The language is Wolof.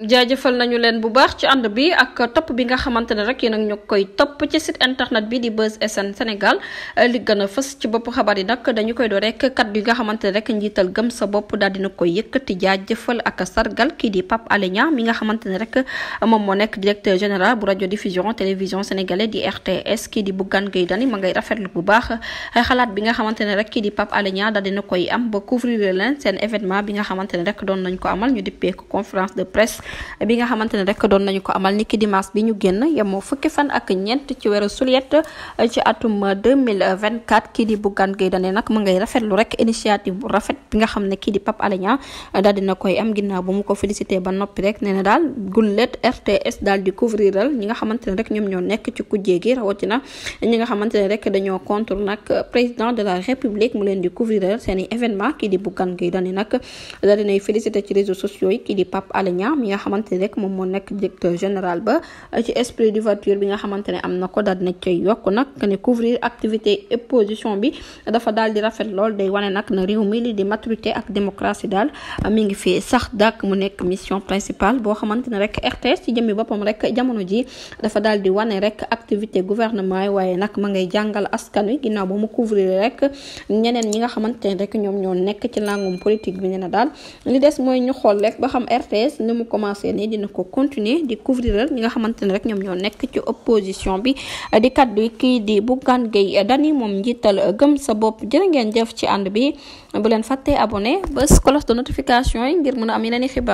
jaajëfal nañu leen bu baax ci ànd bi ak topp bi nga xamante ne rek yéen ak ñu koy topp ci site internet bi di Buzz SN Sénégal li gën a fës ci bopp xabar yi nag dañu koy doo rek kat yi nga xamante ne rek njiital gëm sa bopp daal dina koy yëkkati jëfal ak sargal kii di pap Alé Niang mi nga xamante ne rek moom moo nekk directeur général bu radio diffusion télévision sénégalais di RTS kii di Bougane Gueye Dany ma ngay rafetlu bu baax xalaat bi nga xamante ne rek kii di Pape Alé Niang daal dina koy ba couvrir seen événement bi nga xamante ne rek doon nañ ko amal ñu dippee conférence de presse bi nga xamante ne rek doon nañu ko amal niki dimanche bi ñu génn yemoo fukki fan ak ñeent ci weeru sulet ci atum 2024 kii di Bougane Gueye Dany nag mu ngay rafetlu rek initiative bu rafet bi nga xam ne kii di Pape Alé Niang daal dina koy am ginnaaw ba mu ko félicité ba noppi rek nee na daal gullet RTS daal di couvriral ñi nga xamante ne rek ñoom ñoo nekk ci kujjee gi rawatina ñi nga xamante ne rek dañoo contre nag président de la république mu leen di couvriral seen i événement kii di Bougane Gueye Dany nag daal dinay félicité ci réseaux sociaux yi kii di Pape Alé Niang xamante ni rek moom moo nekk directeur général ba bi nga xamante ne am na ko daal dina cay yokk nag ne couvrir activité opposition bi dafa daal di rafet lool day wane nag na réew mi li di maturité ak démocratie daal mi ngi fi sax dàkk mu nekk mission principale boo xamante ne rek RTS ci jëmmi boppam rek jamono ji dafa daal di wane rek activité gouvernement yi waaye nag ma ngay jàngal askan wi ginnaaw ba mu couvrir rek ñeneen ñi nga xamante ne rek ñoom ñoo nekk ci langum politique bi nee na daal li des mooy ñu xool rek ba xam RTS ni mu ko commencé nii dina ko continuer di couvriral ñi nga xamante ne rek ñoom ñoo nekk ci opposition bi di kaddu kii di Bougane Gueye Dany moom njiital gëm sa bopp jërë ngeen jëf ci ànd bi bu leen fàttee abonné bés cloche de notification yi ngir mën a am yeneen i xibaar